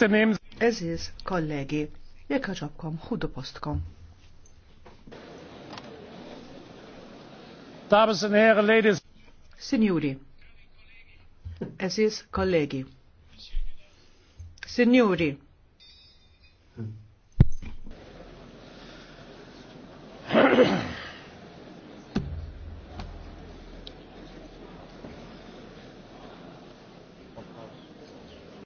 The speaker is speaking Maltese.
Eżiz, kollegi, jekk ġobkom, ħudu postkom. Dames and Herren, ladies. Signori, eżiz, kollegi. Signori. Hmm.